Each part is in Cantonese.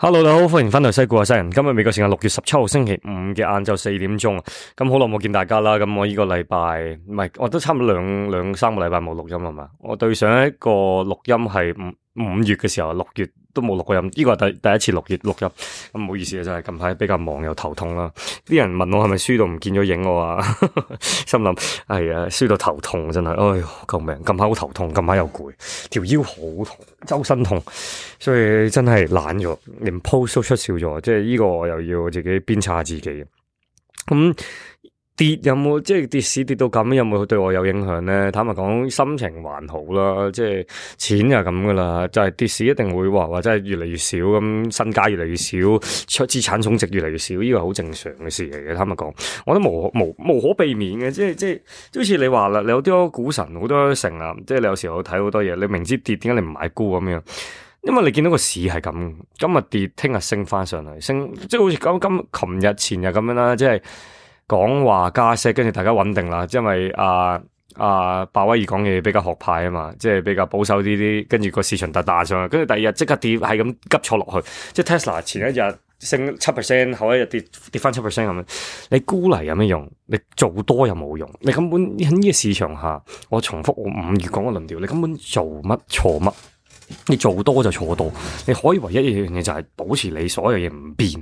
hello，大家好，歡迎返嚟西股啊，西人，今日美國時間六月十七號星期五嘅晏晝四點鐘，咁好耐冇見大家啦，咁我呢個禮拜唔係，我都差唔多兩兩三個禮拜冇錄音係嘛，我對上一個錄音係五五月嘅時候，六月。都冇錄過音，呢個係第第一次錄月錄音，咁唔好意思啊！就係近排比較忙又頭痛啦，啲人問我係咪輸到唔見咗影我啊， 心諗係啊，輸、哎、到頭痛真係，哎喲救命！近排好頭痛，近排又攰，條腰好痛，周身痛，所以真係懶咗，連 post 都出少咗，即係呢個又要自己鞭策下自己咁。嗯跌有冇即係跌市跌到咁，有冇對我有影響咧？坦白講，心情還好啦，即係錢就咁噶啦，就係、是、跌市一定會話或者係越嚟越少咁，身家越嚟越少，出資產總值越嚟越少，呢個好正常嘅事嚟嘅。坦白講，我都無無無可避免嘅，即係即係，好似你話啦，你有啲股神好多成啦，即係你有時候睇好多嘢，你明知跌點解你唔買沽咁樣？因為你見到個市係咁，今日跌，聽日升翻上嚟，升即係好似今今琴日前日咁樣啦，即係。講話加息，跟住大家穩定啦，因為啊啊，鮑、啊、威爾講嘢比較學派啊嘛，即係比較保守啲啲，跟住個市場突打上去，跟住第二日即刻跌，係咁急挫落去，即係 Tesla 前一日升七 percent，後一日跌跌翻七 percent 咁樣，你沽嚟有咩用？你做多又冇用，你根本喺呢個市場下，我重複我五月講嘅論調，你根本做乜錯乜，你做多就錯多，你可以唯一一樣嘢就係保持你所有嘢唔變。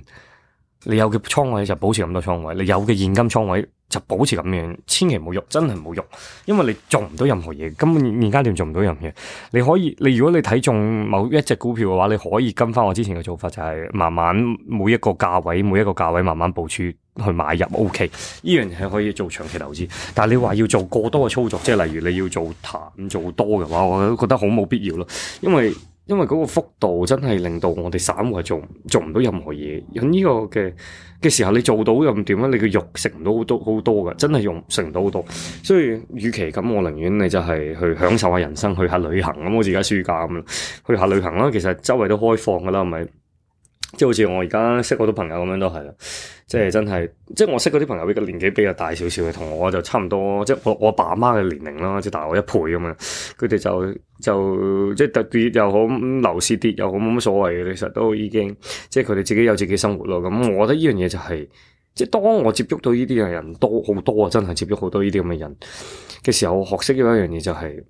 你有嘅倉位就保持咁多倉位，你有嘅現金倉位就保持咁樣，千祈唔好喐，真係唔好喐，因為你做唔到任何嘢，根本現階段做唔到任何嘢。你可以，你如果你睇中某一隻股票嘅話，你可以跟翻我之前嘅做法，就係、是、慢慢每一，每一個價位，每一個價位慢慢部署去買入。O K，呢樣嘢可以做長期投資，但係你話要做過多嘅操作，即係例如你要做淡做多嘅話，我都覺得好冇必要咯，因為。因為嗰個幅度真係令到我哋散戶做做唔到任何嘢，喺、這、呢個嘅時候你做到又點啊？你嘅肉食唔到好多好多嘅，真係肉食唔到好多。所以，與其咁，我寧願你就係去享受下人生，去下旅行咁、嗯。我自己暑假咁，去下旅行啦。其實周圍都開放㗎啦，係咪？即係好似我而家識好多朋友咁樣都係啦，即係真係，即係我識嗰啲朋友比較年紀比較大少少嘅，同我就差唔多，即係我我阿爸阿媽嘅年齡啦，即係大我一倍咁樣，佢哋就就即係特別又好，樓市跌又好，冇乜所謂嘅，其實都已經即係佢哋自己有自己生活咯。咁我覺得呢樣嘢就係、是，即係當我接觸到呢啲嘅人都多好多啊，真係接觸好多呢啲咁嘅人嘅時候，我學識咗一樣嘢就係、是。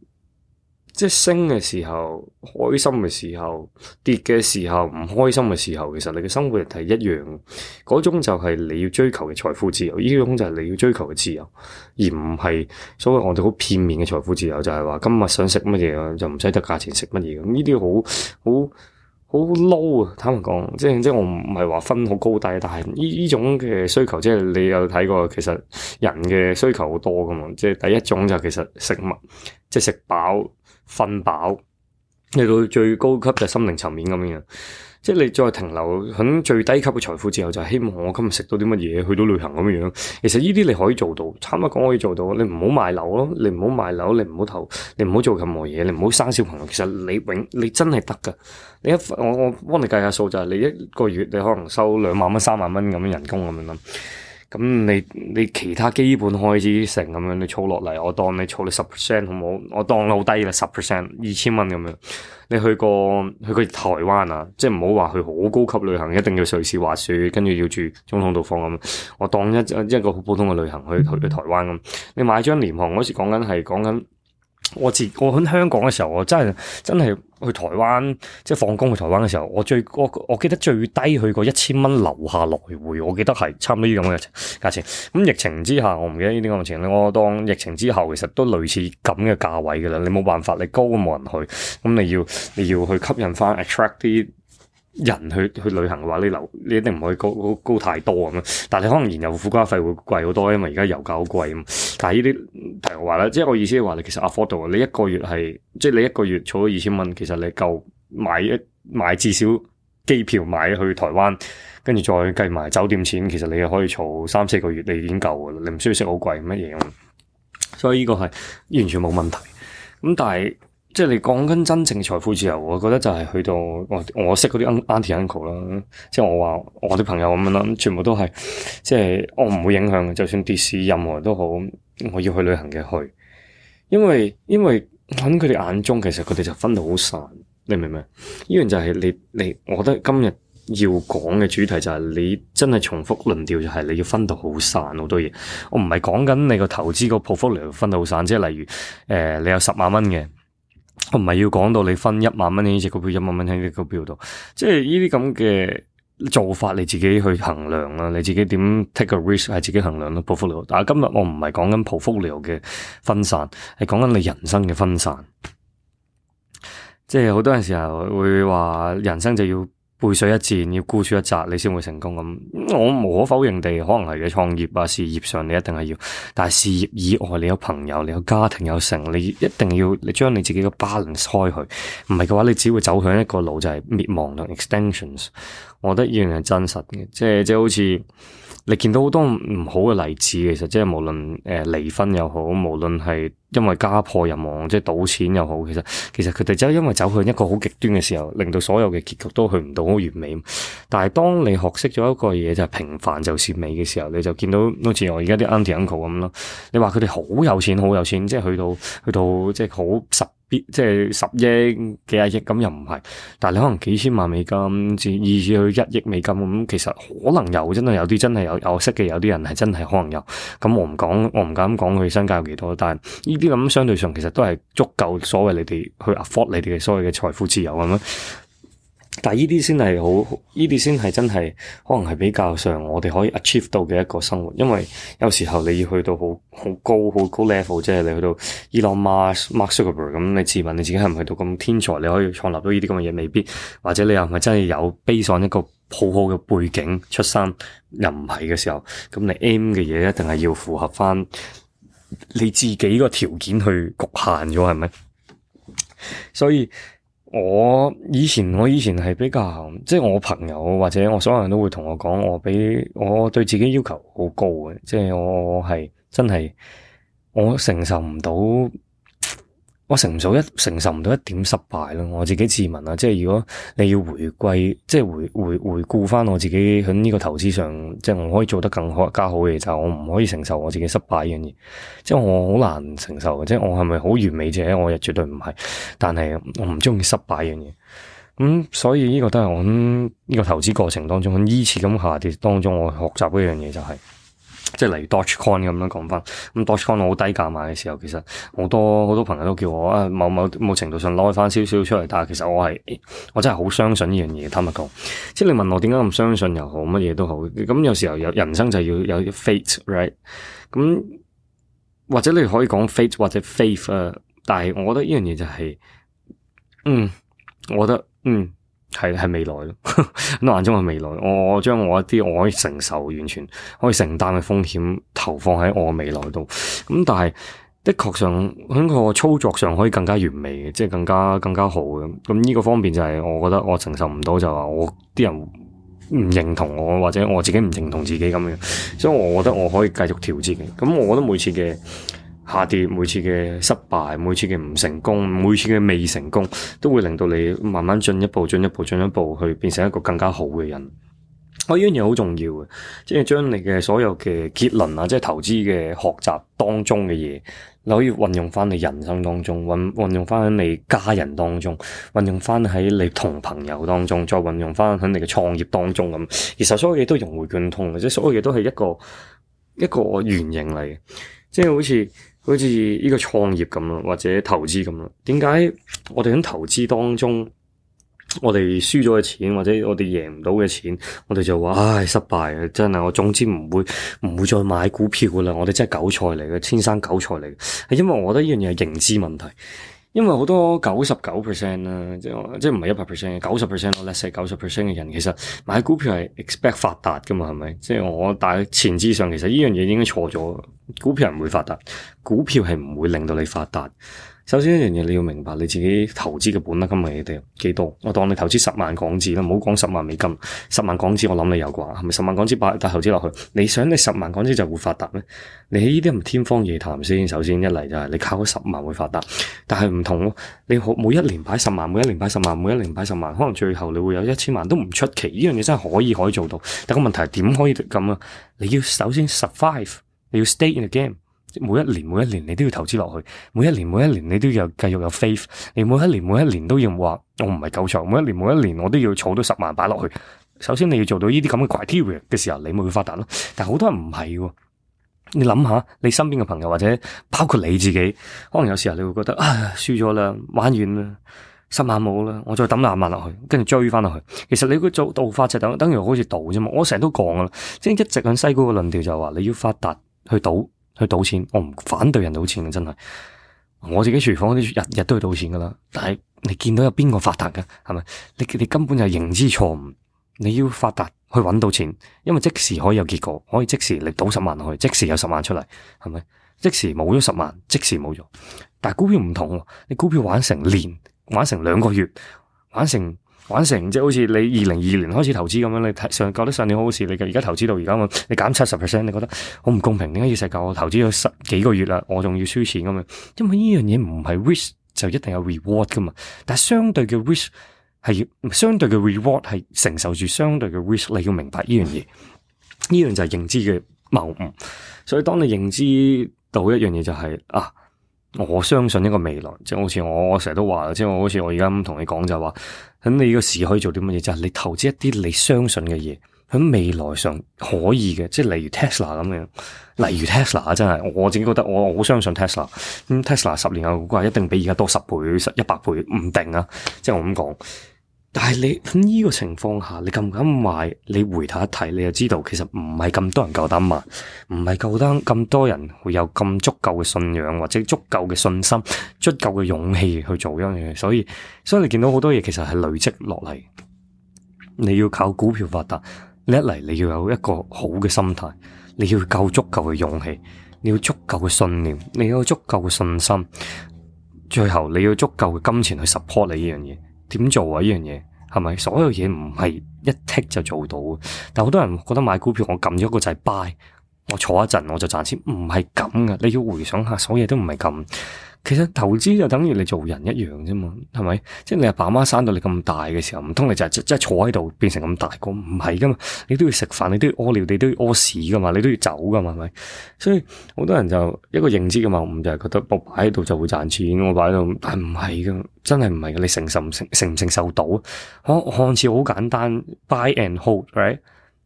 即係升嘅時候開心嘅時候，跌嘅時候唔開心嘅時候，其實你嘅生活係一樣。嗰種就係你要追求嘅財富自由，呢種就係你要追求嘅自由，而唔係所謂我哋好片面嘅財富自由，就係話今日想食乜嘢就唔使得價錢食乜嘢。咁呢啲好好好 low 啊！坦白講，即係即係我唔係話分好高低，但係呢呢種嘅需求，即係你有睇過，其實人嘅需求好多噶嘛。即係第一種就其實食物，即係食飽。瞓飽，你到最高級嘅心靈層面咁樣，即係你再停留喺最低級嘅財富自由，就係、希望我今日食到啲乜嘢，去到旅行咁樣。其實呢啲你可以做到，差唔多講可以做到。你唔好賣樓咯，你唔好賣樓，你唔好投，你唔好做任何嘢，你唔好生小朋友。其實你永你真係得㗎。你一我我幫你計下數就係，你一個月你可能收兩萬蚊、三萬蚊咁樣人工咁樣。咁、嗯、你你其他基本開支成咁樣，你儲落嚟，我當你儲你十 percent 好唔好？我當你好低啦，十 percent 二千蚊咁樣。你去過去個台灣啊，即係唔好話去好高級旅行，一定要瑞士滑雪，跟住要住總統套房咁。我當一一個好普通嘅旅行去去,去台灣咁。你買張廉航嗰時講緊係講緊。我自我喺香港嘅時候，我真係真係去台灣，即係放工去台灣嘅時候，我最我我記得最低去過一千蚊樓下來回，我記得係差唔多呢咁嘅價錢。咁、嗯、疫情之下，我唔記得呢啲咁嘅情況，我當疫情之後，其實都類似咁嘅價位㗎喇。你冇辦法，你高都冇人去，咁、嗯、你要你要去吸引翻 attract 啲。人去去旅行嘅話，你留你一定唔可以高高高太多咁樣。但係你可能燃油附加費會貴好多，因為而家油價好貴。但係呢啲我話啦，即係我意思係話，你其實 afford 到，你一個月係即係你一個月儲咗二千蚊，其實你夠買一買至少機票買去台灣，跟住再計埋酒店錢，其實你可以儲三四個月，你已經夠啦。你唔需要食好貴乜嘢。所以呢個係完全冇問題。咁但係。即係你講緊真正財富自由，我覺得就係去到我我識嗰啲 auntie uncle 啦，即係我話我啲朋友咁樣啦，全部都係即係我唔會影響，就算跌市任何人都好，我要去旅行嘅去，因為因為喺佢哋眼中，其實佢哋就分到好散，你明唔明呢？依樣就係你你，你我覺得今日要講嘅主題就係你真係重複論調，就係你要分到好散，散，好多嘢。我唔係講緊你個投資個 portfolio 分到好散，即係例如誒、呃，你有十萬蚊嘅。我唔係要講到你分一萬蚊喺呢隻股票，一萬蚊喺呢個票度，即係呢啲咁嘅做法，你自己去衡量啦，你自己點 take 個 risk 係自己衡量咯。portfolio，但係今日我唔係講緊 portfolio 嘅分散，係講緊你人生嘅分散，即係好多嘅時候會話人生就要。背水一戰，要孤注一擲，你先會成功咁、嗯。我無可否認地，可能係嘅創業啊，事業上你一定係要。但係事業以外，你有朋友，你有家庭，有成，你一定要你將你自己嘅 balance 開去，唔係嘅話，你只會走向一個路就係滅亡同 extensions。我覺得呢樣係真實嘅，即係即係好似。你見到好多唔好嘅例子，其實即係無論誒、呃、離婚又好，無論係因為家破人亡，即係賭錢又好，其實其實佢哋就因為走向一個好極端嘅時候，令到所有嘅結局都去唔到好完美。但係當你學識咗一個嘢就係、是、平凡就是美嘅時候，你就見到好似我而家啲 uncle uncle 咁咯。你話佢哋好有錢，好有錢，即係去到去到即係好十。即係十億幾廿億咁又唔係，但係你可能幾千萬美金至二至去一億美金咁，其實可能有，真係有啲真係有，我識嘅有啲人係真係可能有，咁我唔講，我唔敢講佢身家有幾多，但係呢啲咁相對上其實都係足夠所謂你哋去 afford 你哋嘅所謂嘅財富自由咁樣。但係呢啲先係好，呢啲先係真係可能係比較上我哋可以 achieve 到嘅一個生活，因為有時候你要去到好好高好高 level，即係你去到 Elon Musk、Mark Zuckerberg 咁，你自問你自己係唔係到咁天才，你可以創立到呢啲咁嘅嘢，未必或者你又唔係真係有 based on 一個好好嘅背景出生，又唔係嘅時候，咁你 aim 嘅嘢一定係要符合翻你自己個條件去局限咗，係咪？所以。我以前我以前係比較，即係我朋友或者我所有人都會同我講，我俾我對自己要求好高嘅，即係我係真係我承受唔到。我承受一承受唔到一點失敗咯，我自己自問啦，即係如果你要回歸，即係回回回顧翻我自己喺呢個投資上，即係我可以做得更好加好嘅就係，我唔可以承受我自己失敗呢樣嘢，即係我好難承受嘅，即係我係咪好完美者？我又絕對唔係，但係我唔中意失敗樣嘢，咁、嗯、所以呢個都係我呢個投資過程當中，喺呢次咁下跌當中，我學習一樣嘢就係、是。即係例如 DogeCoin 咁樣講翻，咁 DogeCoin 我好低價買嘅時候，其實好多好多朋友都叫我啊，某某某程度上攞翻少少出嚟，但係其實我係我真係好相信呢樣嘢 t a m 即係你問我點解咁相信又好，乜嘢都好，咁有時候有人生就要有 fate right，咁或者你可以講 fate 或者 faith 啊，但係我覺得呢樣嘢就係、是，嗯，我覺得，嗯。係係未來咯， 眼中係未來。我我將我一啲我可以承受、完全可以承擔嘅風險，投放喺我未來度。咁但係的確上喺個操作上可以更加完美嘅，即係更加更加好嘅。咁呢個方面就係我覺得我承受唔到就話我啲人唔認同我，或者我自己唔認同自己咁樣。所以我覺得我可以繼續調節嘅。咁我覺得每次嘅下跌，每次嘅失敗，每次嘅唔成功，每次嘅未成功，都會令到你慢慢進一步、進一步、進一步去變成一個更加好嘅人。我呢樣嘢好重要嘅，即係將你嘅所有嘅結論啊，即係投資嘅學習當中嘅嘢，你可以運用翻你人生當中，運運用翻喺你家人當中，運用翻喺你同朋友當中，再運用翻喺你嘅創業當中咁。其實所有嘢都融會貫通嘅，即係所有嘢都係一個一個圓形嚟嘅，即係好似。好似呢個創業咁咯，或者投資咁咯。點解我哋喺投資當中，我哋輸咗嘅錢，或者我哋贏唔到嘅錢，我哋就話：唉，失敗啊！真係我總之唔會唔會再買股票啦。我哋真係韭菜嚟嘅，天生韭菜嚟嘅，係因為我覺得呢樣嘢係認知問題。因為好多九十九 percent 啦，即係即係唔係一百 percent 嘅九十 percent，我認識九十 percent 嘅人其實買股票係 expect 發達㗎嘛，係咪？即係我，但係前設上其實呢樣嘢應該錯咗，股票係唔會發達，股票係唔會令到你發達。首先一樣嘢你要明白你自己投資嘅本金，今日你哋幾多？我當你投資十萬港紙啦，唔好講十萬美金、十萬港紙，我諗你有啩係咪？十萬港紙百打投資落去，你想你十萬港紙就會發達咩？你喺呢啲係咪天方夜譚先？首先一嚟就係你靠嗰十萬會發達，但係唔同咯。你好每一年擺十萬，每一年擺十萬，每一年擺十萬，每一年擺十萬，可能最後你會有一千萬都唔出奇。呢樣嘢真係可以可以做到，但個問題係點可以咁啊？你要首先 survive，你要 stay in the game。每一年每一年你都要投資落去，每一年每一年你都要繼續有 faith，你每一年每一年都要話我唔係夠長，每一年每一年我都要儲到十萬擺落去。首先你要做到呢啲咁嘅 criteria 嘅時候，你咪會發達咯。但係好多人唔係嘅，你諗下你身邊嘅朋友或者包括你自己，可能有時候你會覺得啊，輸咗啦，玩完啦，十萬冇啦，我再抌廿萬落去，跟住追翻落去。其實你個做道法就等等如好似賭啫嘛。我成日都講噶啦，即係一直響西股嘅論調就話你要發達去賭。去賭錢，我唔反對人賭錢嘅，真係我自己廚房啲日日都去賭錢噶啦。但係你見到有邊個發達㗎，係咪？你你根本就係認知錯誤。你要發達去揾到錢，因為即時可以有結果，可以即時你賭十萬落去，即時有十萬出嚟，係咪？即時冇咗十萬，即時冇咗。但係股票唔同啊，你股票玩成年，玩成兩個月，玩成。玩成即係好似你二零二二年開始投資咁樣，你上覺得上年好好事，你而家投資到而家嘛。你減七十 percent，你覺得好唔公平？點解要成我投資咗十幾個月啦，我仲要輸錢咁啊？因為呢樣嘢唔係 risk 就一定有 reward 噶嘛，但係相對嘅 risk 係相對嘅 reward 係承受住相對嘅 risk 你要明白呢樣嘢。呢樣就係認知嘅謬誤，所以當你認知到一樣嘢就係、是、啊。我相信呢個未來，即係好似我成日都話，即係我好似我而家咁同你講就係話，咁你個市可以做啲乜嘢？就係、是、你投資一啲你相信嘅嘢，喺未來上可以嘅，即係例如 Tesla 咁樣，例如 Tesla 真係我自己覺得我好相信 Tesla、嗯。咁 Tesla 十年後估係一定比而家多十倍、十、一百倍唔定啊！即係我咁講。但係你呢，嗯，呢個情況下，你敢唔敢買？你回頭一睇，你就知道其實唔係咁多人夠膽買，唔係夠膽咁多人會有咁足夠嘅信仰或者足夠嘅信心，足夠嘅勇氣去做一樣嘢。所以，所以你見到好多嘢其實係累積落嚟。你要靠股票發達，你一嚟你要有一個好嘅心態，你要夠足夠嘅勇氣，你要足夠嘅信念，你要足夠嘅信心，最後你要足夠嘅金錢去 support 你呢樣嘢。點做啊？呢樣嘢係咪所有嘢唔係一剔就做到？但好多人覺得買股票，我撳咗個掣，係 buy，我坐一陣我就賺錢，唔係咁嘅。你要回想下，所有嘢都唔係咁。其實投資就等於你做人一樣啫嘛，係咪？即係你阿爸阿媽生到你咁大嘅時候，唔通你就即係坐喺度，就是，變成咁大個？唔係噶嘛，你都要食飯，你都要屙尿，你都要屙屎噶嘛，你都要走噶嘛，係咪？所以好多人就一個認知嘅謬誤就係覺得我擺喺度就會賺錢，我擺喺度，但係唔係噶，真係唔係噶，你承受唔承承唔承受到？哦、看看似好簡單，buy and hold，right？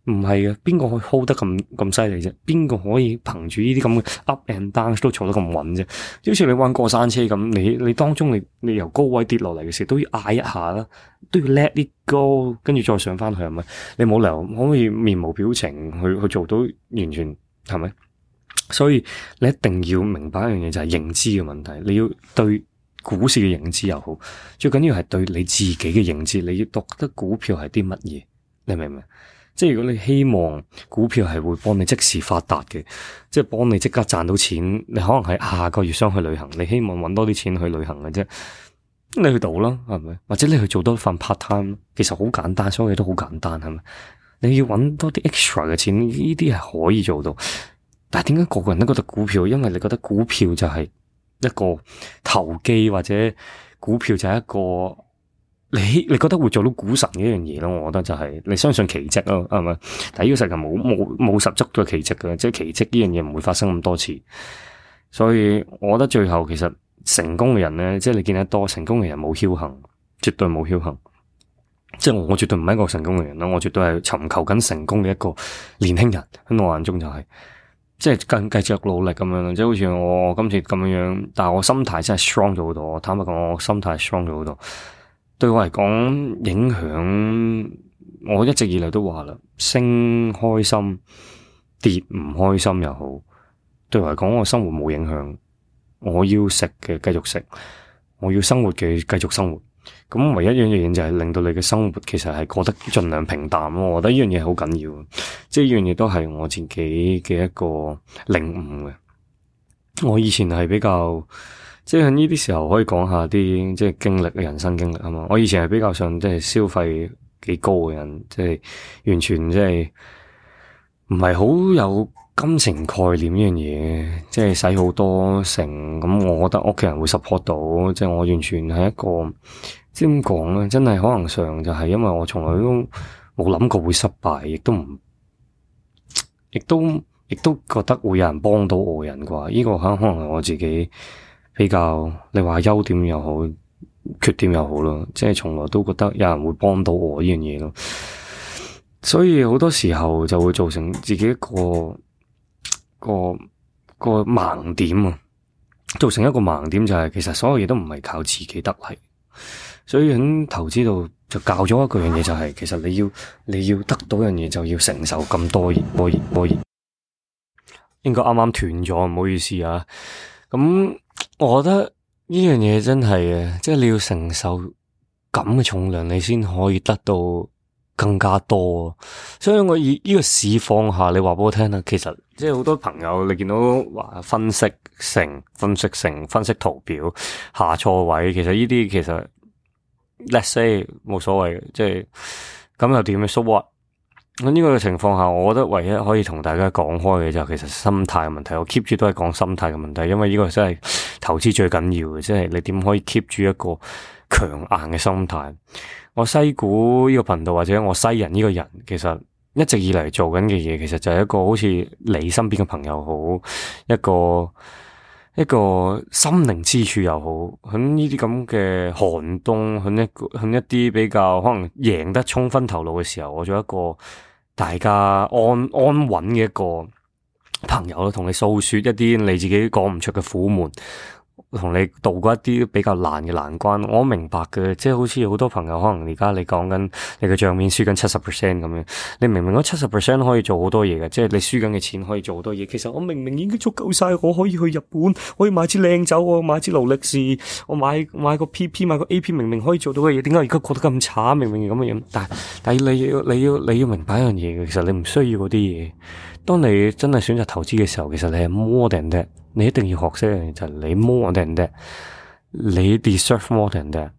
唔係嘅，邊個可以 hold 得咁咁犀利啫？邊個可以憑住呢啲咁嘅 up and down 都坐得咁穩啫？好似你玩過山車咁，你你當中你你由高位跌落嚟嘅時候都要嗌一下啦，都要 let it go，跟住再上翻去係咪？你冇理由可唔可以面無表情去去，去做到完全係咪？所以你一定要明白一樣嘢就係、是、認知嘅問題，你要對股市嘅認知又好，最緊要係對你自己嘅認知，你要讀得股票係啲乜嘢，你明唔明？即係如果你希望股票係會幫你即時發達嘅，即係幫你即刻賺到錢，你可能係下個月想去旅行，你希望揾多啲錢去旅行嘅啫，你去賭囉，係咪？或者你去做多一份 part time，其實好簡單，所有嘢都好簡單，係咪？你要揾多啲 extra 嘅錢，呢啲係可以做到。但係點解個個人都覺得股票，因為你覺得股票就係一個投機，或者股票就係一個。你你覺得會做到股神呢樣嘢咯？我覺得就係、是、你相信奇蹟咯，係咪？但係呢個世界冇冇冇十足嘅奇蹟嘅，即係奇蹟呢樣嘢唔會發生咁多次。所以我覺得最後其實成功嘅人咧，即係你見得多成功嘅人冇僥幸，絕對冇僥幸。即係我絕對唔係一個成功嘅人啦，我絕對係尋求緊成功嘅一個年輕人。喺我眼中就係、是、即係繼繼續努力咁樣，即係好似我今次咁樣樣。但係我心態真係 strong 咗好多，坦白講，我心態 strong 咗好多。對我嚟講，影響我一直以來都話啦，升開心，跌唔開心又好，對我嚟講，我生活冇影響。我要食嘅繼續食，我要生活嘅繼續生活。咁唯一一樣嘢就係令到你嘅生活其實係過得盡量平淡咯。我覺得呢樣嘢好緊要，即係呢樣嘢都係我自己嘅一個領悟嘅。我以前係比較。即係呢啲時候可以講下啲即係經歷嘅人生經歷吖嘛？我以前係比較上即係消費幾高嘅人，即係完全即係唔係好有金錢概念呢樣嘢，即係使好多成咁、嗯，我覺得屋企人會 support 到，即係我完全係一個即係點講咧？真係可能上就係因為我從來都冇諗過會失敗，亦都唔亦都亦都覺得會有人幫到我人啩？呢個可能可能係我自己。比較你話優點又好，缺點又好咯，即係從來都覺得有人會幫到我呢樣嘢咯，所以好多時候就會造成自己一個一個一個，一個盲點啊，造成一個盲點就係其實所有嘢都唔係靠自己得嚟，所以喺投資度就教咗一個樣嘢就係，其實你要你要得到樣嘢就要承受咁多熱，冇熱冇熱，應該啱啱斷咗，唔好意思啊。咁、嗯、我覺得呢樣嘢真係嘅，即係你要承受咁嘅重量，你先可以得到更加多。所以我以呢個市況下，你話俾我聽啦，其實即係好多朋友你，你見到話分析成分析成，分析，成分析圖表下錯位，其實呢啲其實，let's say 冇所謂嘅，即係咁又點樣？So what？呢個情況下，我覺得唯一可以同大家講開嘅就係，其實心態嘅問題，我 keep 住都係講心態嘅問題，因為呢個真係投資最緊要嘅，即係你點可以 keep 住一個強硬嘅心態。我西股呢個頻道或者我西人呢個人，其實一直以嚟做緊嘅嘢，其實就係一個好似你身邊嘅朋友好，一個一個心靈支柱又好，喺呢啲咁嘅寒冬，喺一個一啲比較可能贏得沖昏頭腦嘅時候，我做一個。大家安安穩嘅一個朋友咯，同你訴說一啲你自己講唔出嘅苦悶。同你渡過一啲比較難嘅難關，我明白嘅。即係好似好多朋友可能而家你講緊你嘅賬面輸緊七十 percent 咁樣，你明明嗰七十 percent 可以做好多嘢嘅，即係你輸緊嘅錢可以做好多嘢。其實我明明已經足夠晒，我可以去日本，可以買支靚酒，我買支勞力士，我買買個 PP，買個 AP，明明可以做到嘅嘢，點解而家過得咁慘？明明係咁樣，但係但係你要你要你要，你要明白一樣嘢，其實你唔需要嗰啲嘢。當你真係選擇投資嘅時候，其實你係 more than that，你一定要學識一樣嘢，就係、是、你 more than that，你 deserve more than that。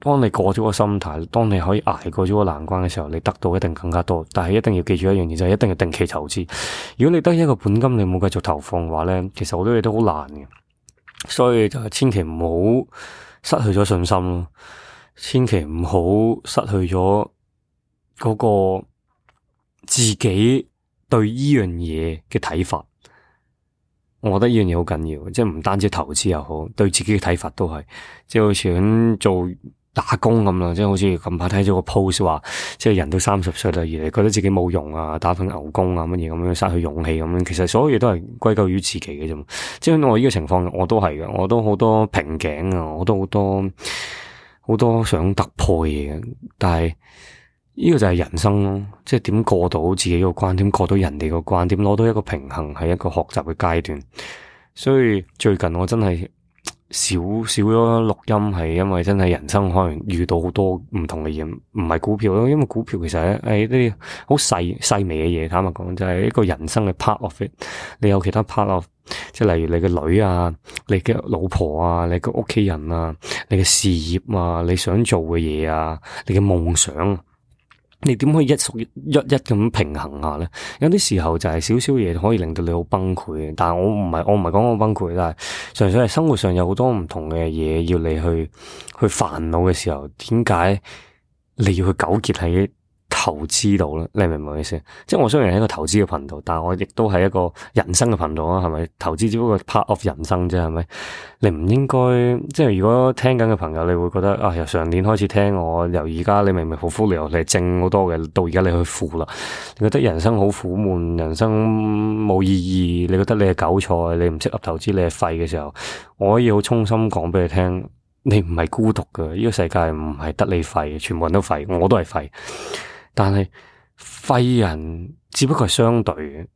當你過咗個心態，當你可以捱過咗個難關嘅時候，你得到一定更加多。但係一定要記住一樣嘢，就係、是、一定要定期投資。如果你得一個本金，你冇繼續投放嘅話咧，其實好多嘢都好難嘅。所以就係千祈唔好失去咗信心咯，千祈唔好失去咗嗰個自己。對呢樣嘢嘅睇法，我覺得呢樣嘢好緊要，即係唔單止投資又好，對自己嘅睇法都係，即係好似做打工咁啦，即係好似近排睇咗個 post 話，即係人都三十歲啦，而你覺得自己冇用啊，打份牛工啊乜嘢咁樣失去勇氣咁樣，其實所有嘢都係歸咎於自己嘅啫。即係我呢個情況，我都係嘅，我都好多瓶頸啊，我都好多好多想突破嘢嘅，但係。呢個就係人生咯，即係點過到自己個關，點過到人哋個關，點攞到一個平衡係一個學習嘅階段。所以最近我真係少少咗錄音，係因為真係人生可能遇到好多唔同嘅嘢，唔係股票咯，因為股票其實咧，誒啲好細細微嘅嘢，坦白講就係一個人生嘅 part of it。你有其他 part of，即係例如你嘅女啊，你嘅老婆啊，你嘅屋企人啊，你嘅事業啊，你想做嘅嘢啊，你嘅夢想。你點可以一熟一一咁平衡下呢？有啲時候就係少少嘢，可以令到你好崩潰。但係我唔係，我唔係講我崩潰，但係純粹係生活上有好多唔同嘅嘢，要你去去煩惱嘅時候，點解你要去糾結喺？投資到啦，你明唔明我意思？即係我雖然係一個投資嘅頻道，但我亦都係一個人生嘅頻道啦，係咪？投資只不過 part of 人生啫，係咪？你唔應該即係如果聽緊嘅朋友，你會覺得啊，由上年開始聽我，由而家你明明好富，你又嚟掙好多嘅，到而家你去富啦，你覺得人生好苦悶，人生冇意義，你覺得你係韭菜，你唔適合投資，你係廢嘅時候，我可以好衷心講俾你聽，你唔係孤獨嘅，呢個世界唔係得你廢，全部人都廢，我都係廢。但係廢人只不過係相對嘅，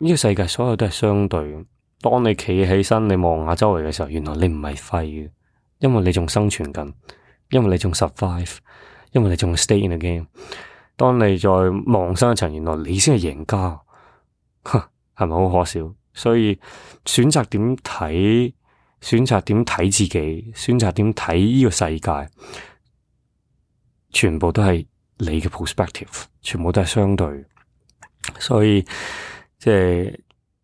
呢個世界所有都係相對嘅。當你企起身，你望下周圍嘅時候，原來你唔係廢嘅，因為你仲生存緊，因為你仲 survive，因為你仲 stay in the game。當你再望上一層，原來你先係贏家，吓，係咪好可笑？所以選擇點睇，選擇點睇自己，選擇點睇呢個世界，全部都係。你嘅 perspective 全部都係相對，所以即係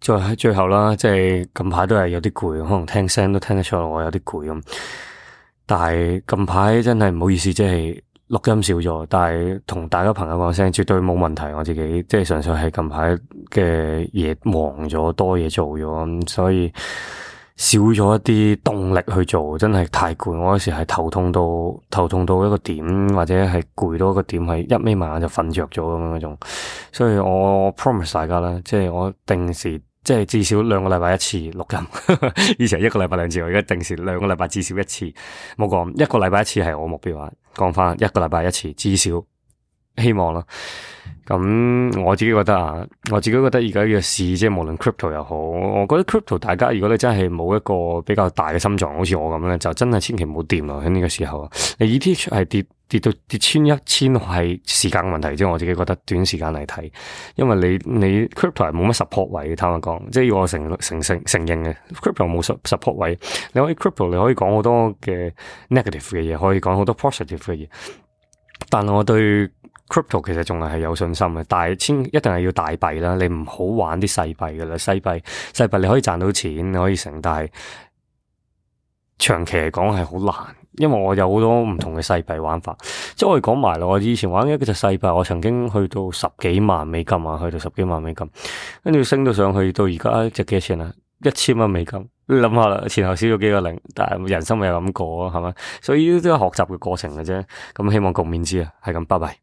再喺最後啦，即係近排都係有啲攰，可能聽聲都聽得出我有啲攰咁。但係近排真係唔好意思，即係錄音少咗，但係同大家朋友講聲絕對冇問題，我自己即係純粹係近排嘅嘢忙咗多嘢做咗，所以。少咗一啲動力去做，真係太攰。我嗰時係頭痛到頭痛到一個點，或者係攰到一個點，係一眯埋眼就瞓着咗咁樣嗰種。所以我 promise 大家啦，即係我定時，即係至少兩個禮拜一次錄音。 以前一個禮拜兩次，我而家定時兩個禮拜至少一次。冇講一個禮拜一次係我目標啊！講翻一個禮拜一次至少。希望啦，咁我自己覺得啊，我自己覺得而家嘅事，即係無論 crypto 又好，我覺得 crypto 大家如果你真係冇一個比較大嘅心臟，好似我咁咧，就真係千祈唔好掂落喺呢個時候。啊，你 ETH 係跌，跌到跌穿一千係時間嘅問題，即係我自己覺得短時間嚟睇，因為你你 crypto 係冇乜 support 位，坦白講，即係要我承承承承認嘅，crypto 冇 support 位。你可以 crypto，你可以講好多嘅 negative 嘅嘢，可以講好多 positive 嘅嘢，但係我對，crypto 其實仲係有信心嘅，但係千一定係要大幣啦，你唔好玩啲細幣噶啦，細幣細幣你可以賺到錢，你可以成，但係長期嚟講係好難，因為我有好多唔同嘅細幣玩法，即係我哋講埋咯，我以前玩一個隻細幣，我曾經去到十幾萬美金啊，去到十幾萬美金，跟住升到上去到而家值幾多錢啊，一千蚊美金，你諗下啦，前後少咗幾個零，但係人生咪有咁過咯，係嘛，所以呢啲都係學習嘅過程嘅啫，咁希望共勉之啊，係咁，拜拜。